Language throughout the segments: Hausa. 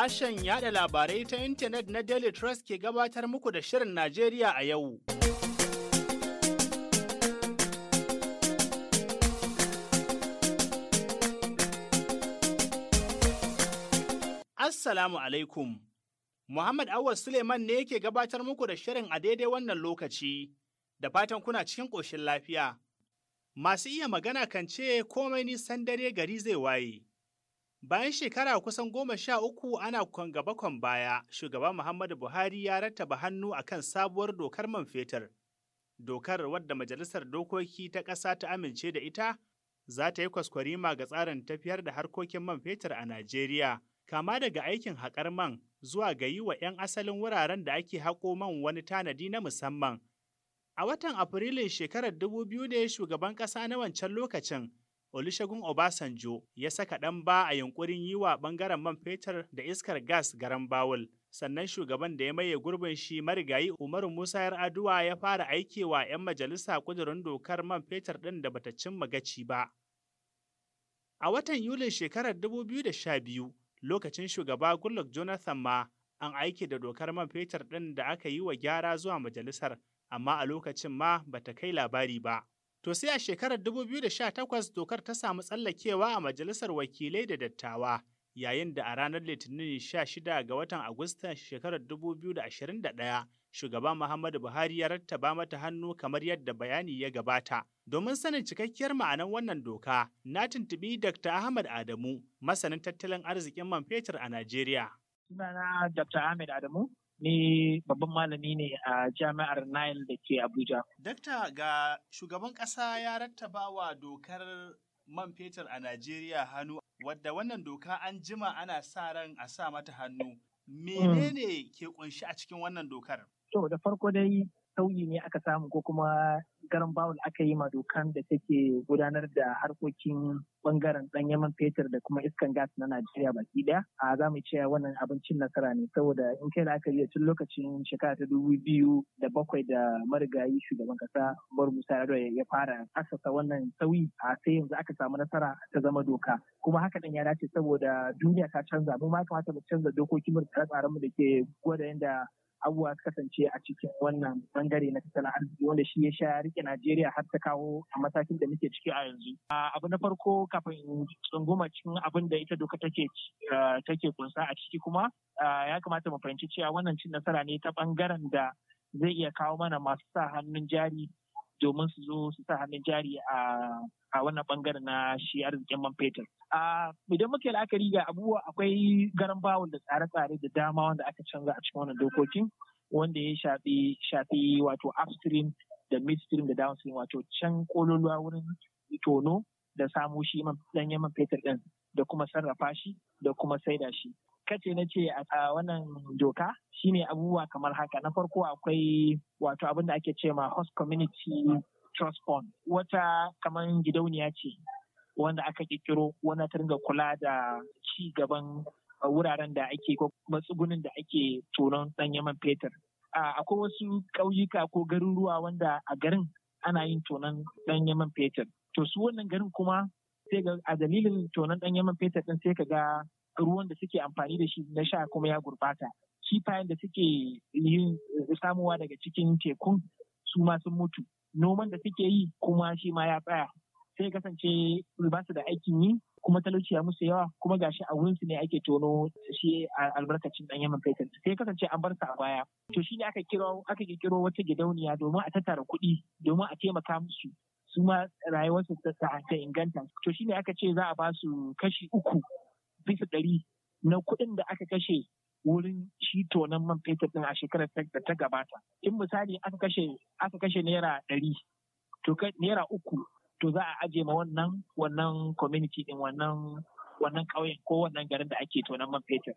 Sashen yada labarai ta intanet na Daily Trust ke gabatar muku da Shirin Najeriya a yau. Assalamu alaikum. Muhammad Awas Suleiman ne yake gabatar muku da shirin a daidai wannan lokaci, da fatan kuna cikin ƙoshin lafiya. Masu iya magana kan ce komai nisan dare gari zai waye. Bayan shekara kusan goma sha uku ana gaba kwan baya, shugaba Muhammadu Buhari ya rattaba hannu a kan sabuwar dokar man fetur. Dokar wadda Majalisar Dokoki ta ƙasa ta amince da ita, za ta yi kwaskwarima ga tsarin tafiyar da harkokin man fetur a Najeriya, kama daga aikin haƙar man zuwa ga yi wa 'yan asalin wuraren da ake haƙo man wani tanadi na musamman. A watan Afrilun shekarar dubu biyu ne shugaban ƙasa na wancan lokacin, Olusegun Obasanjo ya saka ɗan ba a yunkurin yi wa ɓangaren man fetur da iskar gas garan bawul. Sannan shugaban da ya maye gurbin shi marigayi Umaru Musa Yar'adua ya fara wa 'yan majalisa kudurin dokar man fetur ɗin da bata cimma gaci ba. A watan Yulin shekarar 2012, lokacin shugaba Goodluck Jonathan ma an aiki da dokar man fetur ɗin da aka yi wa gyara zuwa majalisar, amma a lokacin ma bata kai labari ba. To sai a shekarar 2018 dokar ta samu tsallakewa a Majalisar Wakilai da Dattawa, yayin da a ranar Litinin 16 ga watan Agusta shekarar 2021 shugaba Muhammadu Buhari ya rattaba mata hannu kamar yadda bayani ya gabata. Domin sanin cikakkiyar ma'anar wannan doka, na tuntubi Dr. Ahmad Adamu, masanin tattalin arzikin man fetur a Najeriya. Sunana Dr. Ahmed Adamu, ni babban malami ne a jami'ar Nile da ke Abuja. Dakta ga shugaban ƙasa ya rattaba wa dokar man fetur a Najeriya hannu wadda wannan doka an jima ana sa ran a sa mata hannu. Hmm. Menene ke kunshi a cikin wannan dokar? To da farko dai sauyi ne aka samu ko kuma garan bawul aka yi ma dokan da take gudanar da harkokin bangaren dan yaman fetur da kuma iskan gas na Najeriya baki ɗaya, a za mu ce wannan abincin nasara ne saboda in kai da aka yi tun lokacin shekara ta dubu biyu da bakwai da marigayi shugaban kasa Umar Musa Yado ya fara asasa wannan sauyi a sai yanzu aka samu nasara ta zama doka kuma haka din ya dace saboda duniya ta canza mu ma kamata mu canza dokokin mu da tsare-tsaren mu da ke gwada yadda abubuwa su kasance a cikin wannan bangare na tattalin arziki wanda shi ya sha rike Najeriya har ta kawo a matakin da muke ciki a yanzu. Abu na farko kafin tsunguma cikin abin da ita doka take take kunsa a ciki kuma ya kamata mu fahimci cewa wannan cin nasara ne ta bangaren da zai iya kawo mana masu sa hannun jari domin su zo su sa hannun jari a a wannan bangaren na shi arzikin man fetur. Idan muke la'akari ga abubuwa akwai garan bawul da tsare-tsare da dama wanda aka canza a cikin wannan dokokin wanda ya shafi shafi wato upstream da midstream da downstream wato can kololuwa wurin tono da samo shi danyen man fetur ɗin, da kuma sarrafa shi da kuma saida shi. kace na ce a wannan doka shine abubuwa kamar haka na farko akwai wato abin da ake ce ma host community trust fund wata kamar gidauniya ce wanda aka kirkiro wanda ta ringa kula da ci gaban wuraren da ake ko matsugunin da ake tonon dan yaman fetur akwai wasu ƙauyuka ko garuruwa wanda a garin ana yin tonon dan yaman fetur to su wannan garin kuma sai ga a dalilin tonon dan yaman fetur ɗin sai ka ga ruwan da suke amfani da shi na sha kuma ya gurbata kifayen da suke yin eh, samuwa daga cikin tekun su ma sun mutu noman da suke yi kuma shi ma ya tsaya sai kasance ba su da aikin yi kuma talauci ya musu yawa kuma gashi a wurin su ne ake tono shi albarkacin dan yaman fetur sai kasance an bar a baya to shine aka kiro aka kiro wata gidauniya domin a tattara kuɗi domin a taimaka musu su ma rayuwarsu ta inganta to shine aka ce za a ba su kashi uku bisa ɗari na kuɗin da aka kashe wurin shi tonan man fetur ɗin a shekarar da ta gabata. In misali aka kashe aka kashe naira ɗari, to naira uku to za a ajiye ma wannan wannan community ɗin wannan wannan ƙauyen ko wannan garin da ake tonan man fetur.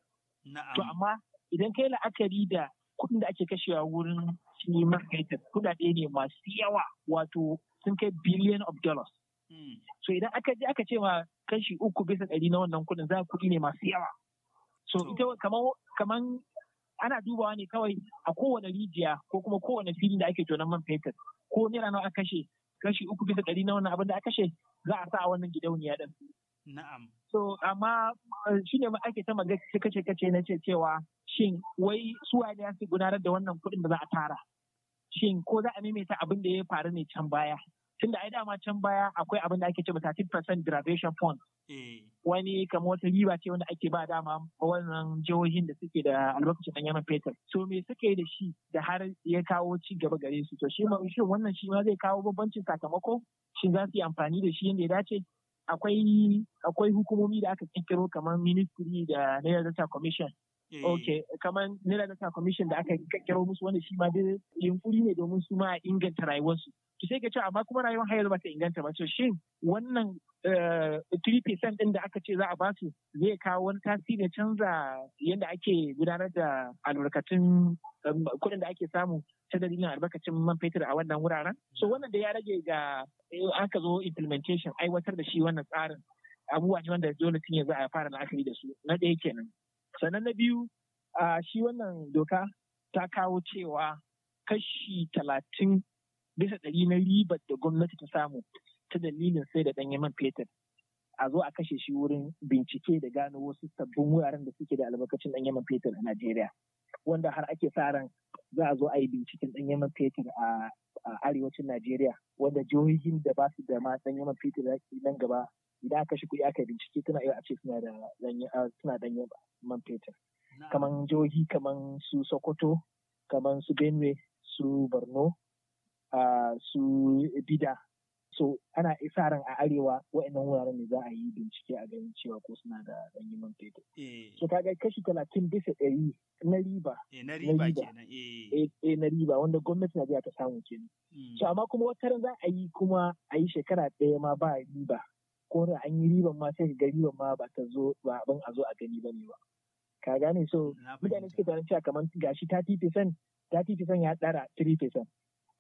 To amma idan kai la'akari da kuɗin da ake kashewa wurin shi man fetur kuɗaɗe ne masu yawa wato sun kai billion of dollars. Hmm. So idan aka je aka ce ma kashi uku bisa ɗari na wannan kuɗin za kuɗi ne masu yawa. So ita kaman ana dubawa ne kawai a kowane rijiya ko kuma kowane filin da ake tonon man fetur ko nera nawa a kashe kashi uku bisa ɗari na wannan abin da aka kashe za a sa a wannan gidauniya ɗin. Na'am. So amma eh, shi ne ake ta magana kace kace na ce cewa shin wai su waye ya su gudanar da wannan kuɗin da za a tara. Shin ko za a maimaita abin da ya faru ne can baya. tunda ai dama can baya akwai abin da ake ce percent graduation fund eh. wani kamar wata riba ce wanda ake ba dama wannan jihohin da suke da albarkacin dan yaman fetur so me suka yi da shi da har ya kawo ci gaba gare su to shi wannan shi ma zai kawo bambancin sakamako shi za su yi amfani da shi yadda ya dace akwai akwai hukumomi da aka kirkiro kamar ministry da na commission Ok, eh. kamar Nila da Commission da aka kakkiro musu wanda shi ma yunkuri ne domin su ma inganta rayuwarsu. To sai ka ce amma kuma rayuwar hayar ba ta inganta ba. To shin wannan 3% eh, ɗin da aka ce za a basu zai kawo wani tasiri canza yadda ake gudanar da albarkatun eh, kuɗin da ake samu ta dalilin albarkacin man fetur a wannan wuraren. So wannan da ya rage ga aka zo implementation aiwatar da shi wannan tsarin abubuwa ne wanda dole tun yanzu a fara la'akari da su na ɗaya kenan. sannan na biyu a shi wannan doka ta kawo cewa kashi talatin bisa ɗari na ribar da gwamnati ta samu ta dalilin sai da ɗanyen man fetur a zo a kashe shi wurin bincike da gano wasu sabbin wuraren da suke da albarkacin ɗanyen man fetur a Najeriya wanda har ake sa ran za a zo a yi binciken ɗanyen man fetur a arewacin Najeriya wanda jihohin da ba su da ma ɗanyen man fetur nan gaba idan aka kashe kuɗi aka bincike tana iya a ce suna da suna danyen man fetur kaman jihohi kaman su sokoto kaman su benue su borno su bida so ana isa ran a arewa wa'annan wuraren ne za a yi bincike a ganin cewa ko suna da ɗanyen man fetur eh. so kaga kashi talatin bisa ɗari na riba eh, na riba kenan eh. eh na riba wanda gwamnati na ta samu kenan hmm. so amma kuma wata za a yi kuma a yi shekara ɗaya ma ba riba ko da an yi riban ma sai ga riban ma ba ta zo ba abin a zo a gani ba ne ba ka gane so mutane suke tunanin cewa kamar gashi 30% 30% ya dara 3%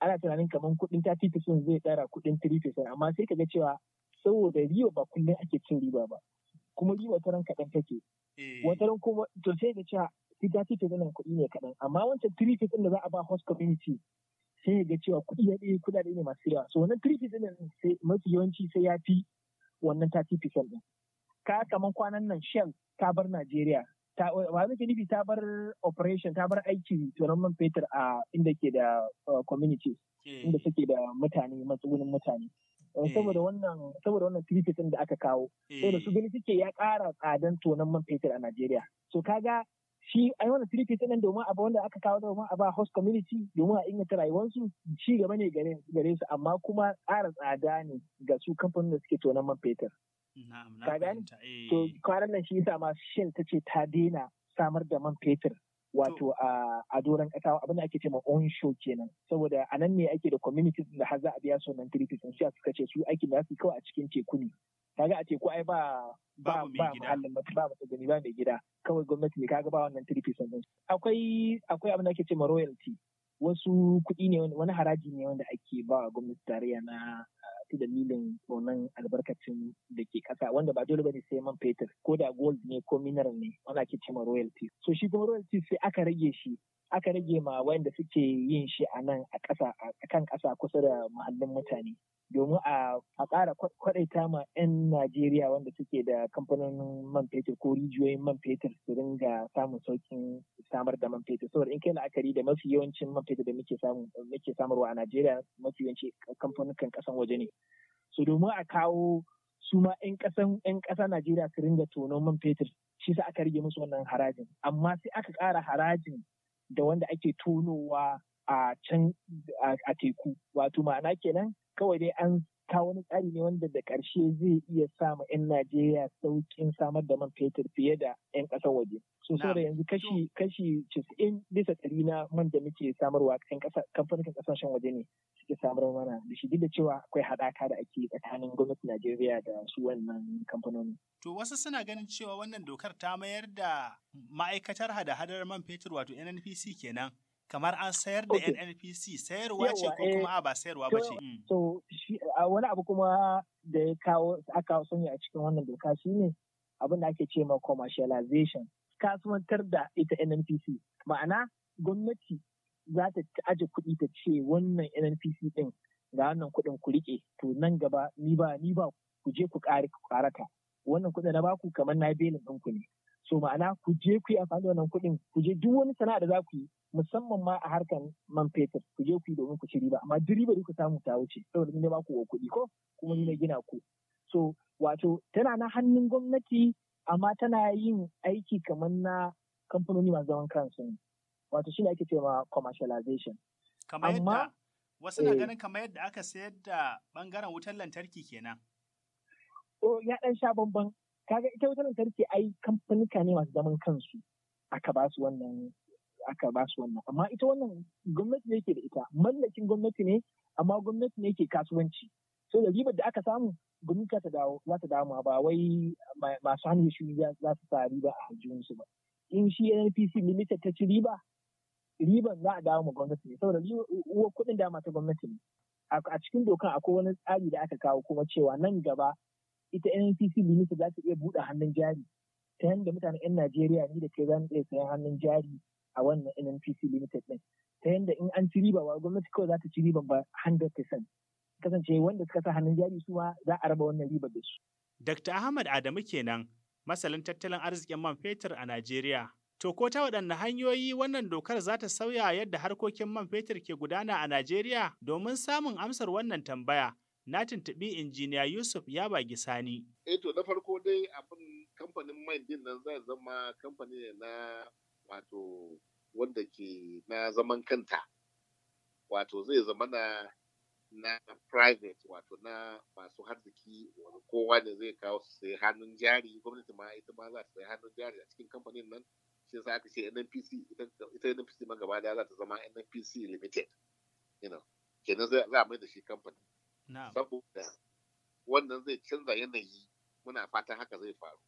ana tunanin kamar kudin 30% zai dara kudin 3% amma sai ka ga cewa saboda riba ba kullum ake cin riba ba kuma riba ta ran kaɗan take eh. wata ran kuma to sai da cewa ita ta fi zanen kuɗi ne kaɗan amma wancan 3% da za a ba host community sai ga cewa kuɗi ya ɗaya kuɗaɗe ne masu yawa so wannan three sai mafi yawanci sai ya fi wannan 30% din ka kaman kwanan nan Shell ta bar Najeriya Ba ba nake nufi ta bar operation ta bar aiki turan man fetur a inda ke da uh, communities inda suke da mutane matsugunin mutane uh, saboda wannan saboda wannan da aka kawo saboda su gani suke ya ƙara tsadan tonan man fetur a Najeriya so kaga shi ai wannan ta nan domin a ba wanda aka kawo domin a ba host community domin a inganta rayuwarsu ci gaba ne gare su amma kuma ƙara tsada ne ga su kamfanin da suke tonan man fetur. Na'am na eh. To kwanan nan shi yasa masu shin ta ce ta daina samar da man fetur wato a doron kasa abin da ake ce ma show kenan saboda a nan ne ake da communities da har za a biya su nan treaties in sha suka ce su aikin da su kawai a cikin teku ne kaga a teku ai ba ba ba muhallin ba ba gani ba mai gida kawai gwamnati ne kaga ba wannan treaties din akwai akwai abin da ake ce ma royalty wasu kuɗi ne wani haraji ne wanda ake ba gwamnati tarayya na wasu dalilin tonan albarkacin da ke kasa wanda ba dole bane sai man fetur ko da gold ne ko mineral ne wanda ake cewa royalty so shi kuma royalty sai aka rage shi aka rage ma wanda suke yin shi a nan a kasa a kan ƙasa kusa da muhallin mutane domin a ƙara kwaɗaita ma 'yan Najeriya wanda suke da kamfanonin man fetur ko rijiyoyin man fetur su ringa samun sauƙin samar da man fetur. Saboda in kai la'akari da mafi yawancin man fetur da muke samarwa a Najeriya mafi yawanci kan ƙasan waje ne. su domin a kawo su ma 'yan ƙasan 'yan ƙasa Najeriya su ringa tono man fetur shi sa aka rage musu wannan harajin. Amma sai aka ƙara harajin da wanda ake tonowa a can a teku wato ma'ana kenan kawai dai an kawo wani tsari ne wanda da ƙarshe zai iya samu 'yan Najeriya sauƙin samar da man fetur fiye da 'yan ƙasar waje. So da yanzu kashi kashi casa'in bisa ɗari na man da muke samarwa 'yan kamfanin ƙasashen waje ne suke samar mana da shi da cewa akwai haɗaka da ake tsakanin gwamnatin Najeriya da su wannan kamfanoni. To wasu suna ganin cewa wannan dokar ta mayar da ma'aikatar hada-hadar man fetur wato NNPC kenan kamar an sayar da nnpc sayarwa ce ko eh, kuma a ba sayarwa ba ce so mm. wani abu kuma da ya kawo aka sanya a cikin wannan doka shi ne abin da ake ce ma commercialization kasuwantar da ita nnpc ma'ana gwamnati za ta aje kuɗi ta ce wannan nnpc ɗin ga wannan kuɗin ku riƙe to nan gaba ni ba ni ba ku je ku ƙarata wannan kuɗin na baku kamar na belin ɗinku ne so ma'ana ku je ku yi amfani da wannan kuɗin ku je duk wani sana'a da za ku yi musamman ma a harkar man fetur ku je ku yi domin ku ci riba amma duk riba ku samu ta wuce saboda ni ne ba ku kuɗi ko kuma ni ne gina ku so wato tana na hannun gwamnati amma tana yin aiki kamar na kamfanoni masu zaman kansu ne wato shi ne ake cewa commercialization kamar yadda wasu na eh. ganin kamar yadda aka sayar da bangaren wutar lantarki kenan o ya dan sha bamban kaga ita wutar lantarki ai kamfanika ne masu zaman kansu aka ba su wannan Da aka ba su wannan amma ita wannan gwamnati ne ke da ita mallakin gwamnati ne amma gwamnati ne ke kasuwanci so da ribar da aka samu gwamnati ta dawo za ta dawo ba wai masu hannu shi za su sa riba a aljihunsu ba in shi NPC limited ta ci riba riban za a dawo ma gwamnati ne saboda uwar kuɗin dama ta gwamnati ne a cikin dokan akwai wani tsari da aka kawo kuma cewa nan gaba ita NPC limited za ta iya buɗe hannun jari ta yadda mutanen 'yan Najeriya ne da ke za iya sayan hannun jari a wannan NNPC Limited ɗin. Ta yadda in an ci riba ba gwamnati kawai za ta ci riba ba 100%. Kasance wanda suka sa hannun jari su ma za a raba wannan riba da su. Dr. Ahmad Adamu kenan, masalin tattalin arzikin man fetur a Najeriya. To ko ta waɗanne hanyoyi wannan dokar za ta sauya yadda harkokin man fetur ke gudana a Najeriya domin samun amsar wannan tambaya. Na tuntuɓi injiniya Yusuf ya bagi sani. Eh to na farko dai abin kamfanin mai din nan zai zama kamfani ne na wato wanda ke na zaman kanta wato zai zama na na private wato na masu wani kowa ne zai kawo su sai hannun jari gwamnati ma ita ma za ta sai hannun jari a cikin kamfanin nan shi za aka ce NNPC ita NNPC ma gaba da za ta zama NNPC limited you know kenan za a mai da shi kamfani saboda wannan zai canza yanayi muna fatan haka zai faru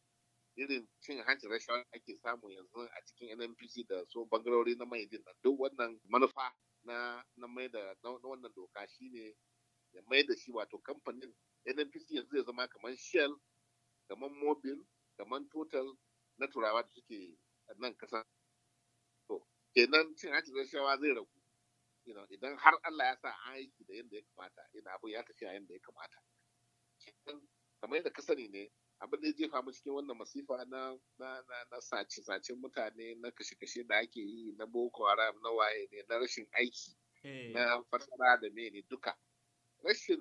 irin cin hanci rashawa ake samu yanzu a cikin nnpc da so bangarori na mai din duk wannan manufa na na mai da wannan doka shine ya mai da shi wato kamfanin nnpc yanzu zai zama kamar shell kamar mobil kamar total na turawa da suke nan kasa to kenan cin hanci rashawa zai ragu idan har allah ya sa an aiki da yadda ya kamata ina abu ya tafi a yadda ya kamata kamar yadda ka sani ne abin da ya jefa mu cikin wannan masifa na na na na sace sace mutane na kashe kashe da ake yi na boko haram na waye ne na rashin aiki eh. na fasara da ne ne duka rashin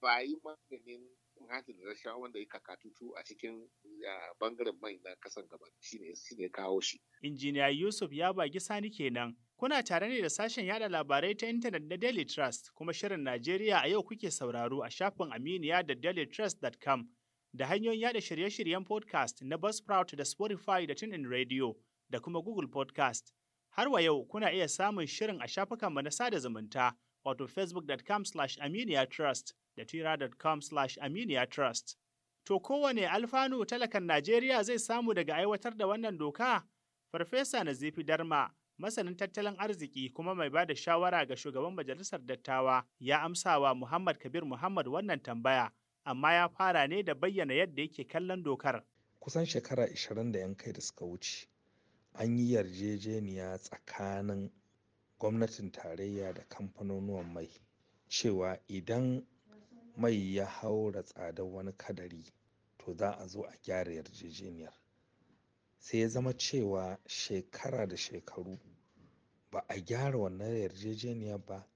bayi maganin hatin da rashawa wanda ya kakatutu a cikin bangaren mai na kasan gaba shine shine kawo shi injiniya yusuf ya bagi sani kenan kuna tare ne da sashen yada labarai ta intanet na daily trust kuma shirin najeriya a yau kuke sauraro a shafin aminiya da dailytrust.com da hanyoyin yada shirye-shiryen podcast na Buzzsprout da Spotify da TuneIn Radio da kuma Google Podcast. Har wa yau kuna iya samun shirin a shafukanmu na sada zumunta wato facebook.com slash aminiyatrust da twitter.com slash aminiyatrust. To kowane alfanu talakan Najeriya zai samu daga aiwatar da wannan doka? Farfesa Nazifi Darma, masanin tattalin arziki kuma mai ba da shawara ga shugaban majalisar dattawa ya amsawa Muhammad Kabir Muhammad wannan tambaya. amma ya fara ne da bayyana yadda yake kallon dokar. Kusan shekara 20 da yan kai da suka wuce an yi yarjejeniya tsakanin gwamnatin tarayya da kamfanonuwan mai cewa idan mai ya haura tsadar wani kadari to za a zo a gyara yarjejeniyar sai ya zama cewa shekara da shekaru ba a gyara wannan yarjejeniyar ba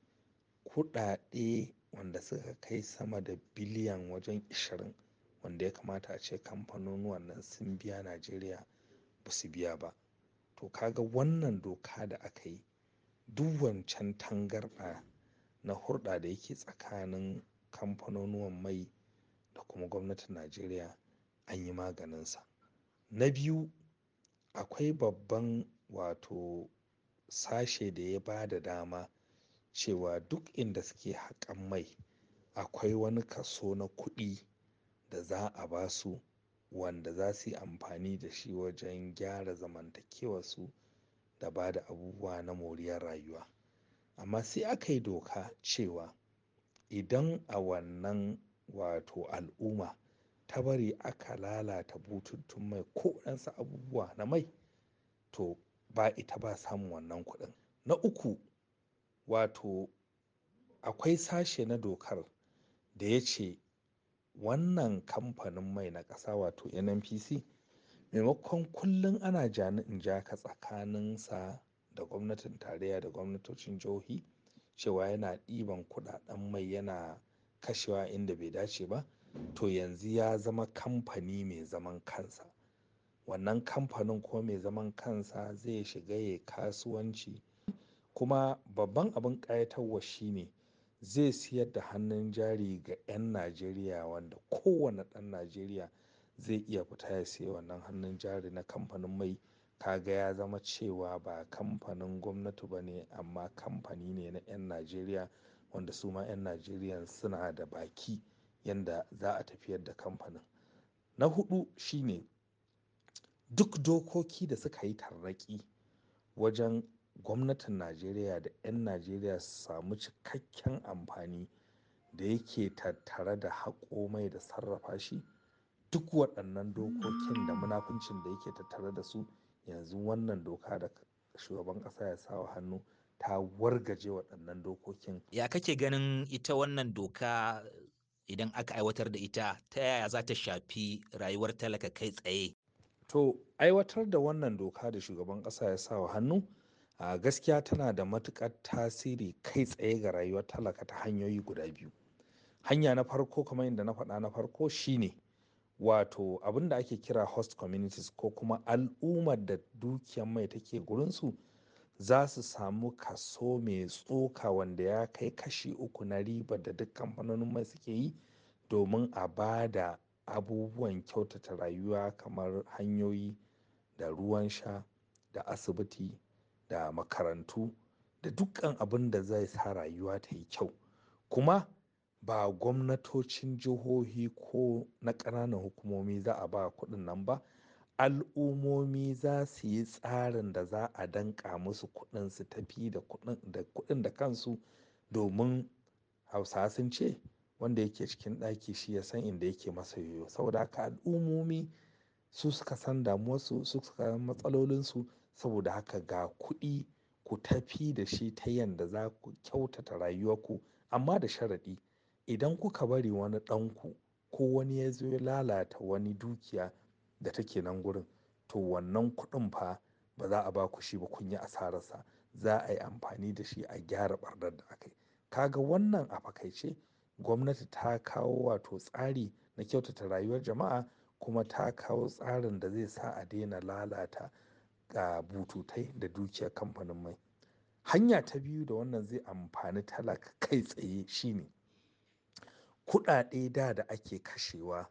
kuɗaɗe. wanda suka kai sama da biliyan wajen ishirin, wanda ya kamata a ce kamfanonuwan nan sun biya najeriya ba su biya ba to kaga wannan doka da aka yi duk wancan tangarɗa na hurɗa da yake tsakanin kamfanonuwan mai da kuma gwamnatin najeriya an yi maganinsa na biyu akwai babban wato sashe da ya ba da dama cewa duk inda suke haƙan mai akwai wani kaso na kuɗi da za a ba su wanda za su yi amfani da shi wajen gyara su da ba da abubuwa na moriyar rayuwa amma sai aka yi doka cewa idan a wannan wato al'umma ta bari aka lalata bututun mai ko waɗansu abubuwa na mai to ba ita ba samun wannan kuɗin na uku wato akwai sashe na dokar da ya ce wannan kamfanin mai na ƙasa wato nnpc maimakon kullum ana jani in ja ka tsakaninsa da gwamnatin tarayya da gwamnatocin jihohi cewa yana ɗiban kuɗaɗen mai yana kashewa inda bai dace ba to yanzu ya zama kamfani mai zaman kansa wannan kamfanin ko mai zaman kansa zai shiga ya kasuwanci Kuma babban abin ƙayatarwa shi ne zai siyar da hannun jari ga 'yan Najeriya wanda kowane ɗan Najeriya zai iya fita ya siya wannan hannun jari na kamfanin mai. Ka ya zama cewa ba kamfanin gwamnati ba ne amma kamfani ne na 'yan Najeriya wanda su ma 'yan Najeriya suna da baki yadda za a tafiyar da kamfanin. Na hudu shi ne duk dokoki da suka yi tarraki wajen gwamnatin Najeriya da 'yan Najeriya su samu cikakken amfani da yake tattare da haƙo mai da sarrafa shi. Duk waɗannan dokokin da munafuncin da yake tattare da su yanzu wannan doka da shugaban ƙasa ya sa wa hannu ta wargaje waɗannan dokokin. Ya kake ganin ita wannan doka idan aka aiwatar da ita ta yaya za ta shafi rayuwar talaka kai tsaye? To aiwatar da wannan doka da shugaban ƙasa ya sa wa hannu a gaskiya tana da matuƙar tasiri kai tsaye ga rayuwar talaka ta hanyoyi guda biyu hanya na farko kamar yadda na faɗa na farko shine wato abin da ake kira host communities ko kuma al'ummar da dukiyar mai take gurinsu za su samu kaso mai tsoka wanda ya kai kashi uku na ribar da duk kamfanonin mai suke yi domin a ba da abubuwan kyautata rayuwa kamar hanyoyi da ruwan sha da asibiti da makarantu da dukkan abin da zai sa rayuwa ta yi kyau kuma ba gwamnatocin jihohi ko na ƙananan hukumomi za a ba kuɗin nan ba al'umomi za su yi tsarin da za a danƙa musu kuɗin su tafi da kuɗin da kansu domin hausa sun ce wanda yake cikin ɗaki shi ya san inda yake masa yoyo saboda haka al'umomi su suka san damuwarsu su suka san matsalolinsu saboda haka ga kuɗi ku tafi da shi ta yanda za ku kyautata rayuwarku amma da sharaɗi idan kuka bari wani ɗanku ko wani ya zo ya lalata wani dukiya da take nan gurin to wannan kuɗin fa ba za a ba ku shi ba kun yi asararsa za a yi amfani da shi a gyara ɓarnar da aka yi kaga wannan a fakaice gwamnati ta kawo wato tsari na kyautata rayuwar jama'a kuma ta kawo tsarin da zai sa a daina lalata ga bututai da dukiyar kamfanin mai hanya ta biyu da wannan zai amfani talak kai tsaye shine kuɗaɗe da da ake kashewa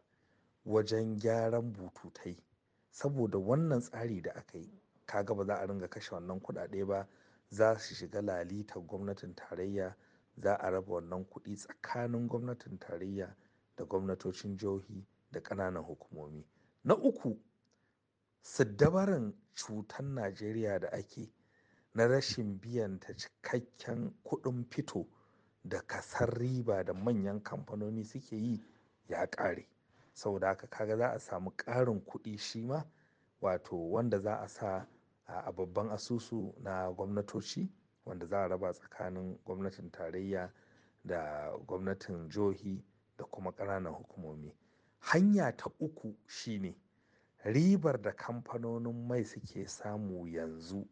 wajen gyaran bututai saboda wannan tsari da aka yi kaga ba za a ringa kashe wannan kuɗaɗe ba za su shiga lalitar gwamnatin tarayya za a raba wannan kuɗi tsakanin gwamnatin tarayya da gwamnatocin jihohi da ƙananan hukumomi na uku siddabarin cutar najeriya da ake na rashin biyan ta cikakken kuɗin fito da kasar riba da manyan kamfanoni suke yi ya ƙare. Saboda haka kaga za a samu ƙarin kuɗi shi ma wato wanda za a sa a babban asusu na gwamnatoci wanda za a raba tsakanin gwamnatin tarayya da gwamnatin jihohi da kuma ƙananan hukumomi. Hanya ta uku shine ribar da kamfanonin mai suke samu yanzu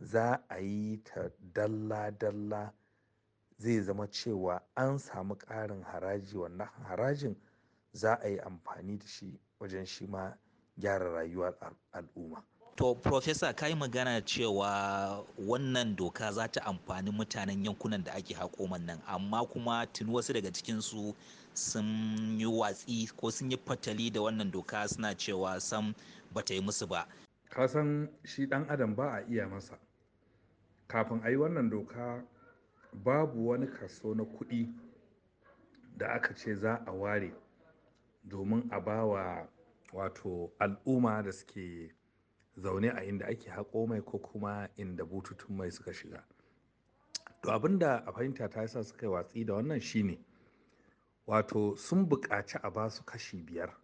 za a yi ta dalla-dalla zai zama cewa an samu ƙarin haraji wannan harajin za a yi amfani da shi wajen shi ma gyara rayuwar al'umma. To, Profesa, ka yi magana cewa wannan doka za ta amfani mutanen yankunan da ake haƙoman nan, amma kuma tuni wasu daga cikinsu sun yi watsi ko sun yi fatali da wannan doka suna cewa sam ba ta yi musu ba. Ka san shi ɗan adam ba a iya masa. Kafin a yi wannan doka, babu wani kaso na kuɗi da aka ce za a ware domin a bawa wato al'umma da suke zaune a inda ake haƙo mai ko kuma inda bututun mai suka shiga to abin da a fahimta ta yasa suka yi watsi da wannan shine wato sun buƙaci a ba su kashi biyar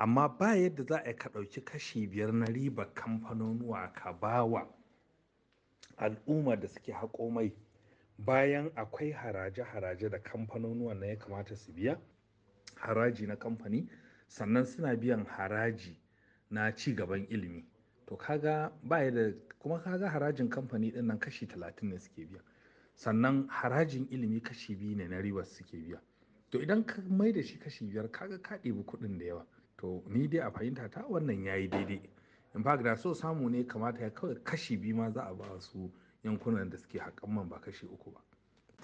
amma ba yadda za a ka ɗauki kashi biyar na riba kamfanonuwa ka ba wa al'umma da suke haƙo mai bayan akwai haraje-haraje da kamfanonuwa na ya kamata su biya haraji na kamfani sannan suna biyan haraji na ci gaban ilimi To kaga baya da kuma kaga harajin kamfani ɗinnan kashi talatin ne suke biya. Sannan harajin ilimi kashi biyu ne na ribar suke biya. To idan ka mai da shi kashi biyar kaga ka ɗebi kuɗin da yawa. To ni dai a fahimta ta wannan yayi daidai. In fact da so samu ne kamata ya kawai kashi biyu ma za a ba su yankunan da suke haƙan ba kashi uku ba.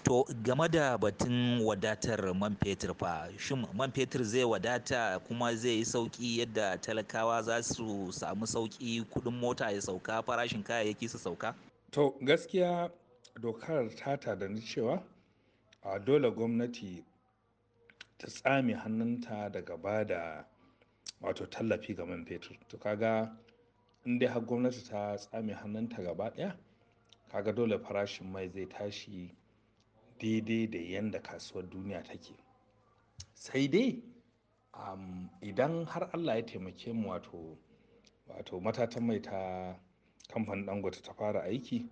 To game da batun wadatar man fetur fa, shin man fetur zai wadata kuma zai yi sauƙi yadda talakawa za su samu sauƙi kuɗin mota ya sauka farashin kayayyaki su sauka? To gaskiya dokar ta tanadi cewa a dole gwamnati ta tsame hannunta daga ba da wato tallafi ga man fetur. To kaga in dai har gwamnati ta tsame hannunta gaba ɗaya, kaga dole farashin mai zai tashi daidai da yadda kasuwar duniya take sai dai idan har allah ya taimake mu wato wato matatan mai ta kamfanin dangote ta fara aiki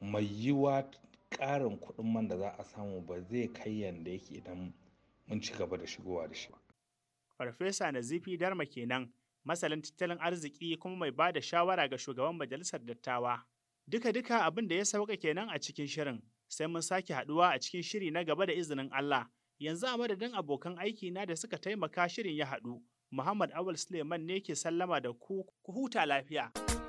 mai yiwa ƙarin kuɗin man da za a samu ba zai kai yadda yake idan mun ci gaba da shigowa da shi ba. Farfesa Nazifi Darma kenan, masalin tattalin arziki kuma mai ba da shawara ga shugaban majalisar dattawa. Duka-duka abin da ya sauka kenan a cikin shirin. sai mun sake haɗuwa a cikin shiri na gaba da izinin Allah. Yanzu a madadin abokan aiki na da suka taimaka shirin ya haɗu, Muhammad Awal Suleiman ne ke sallama da ku, ku huta lafiya.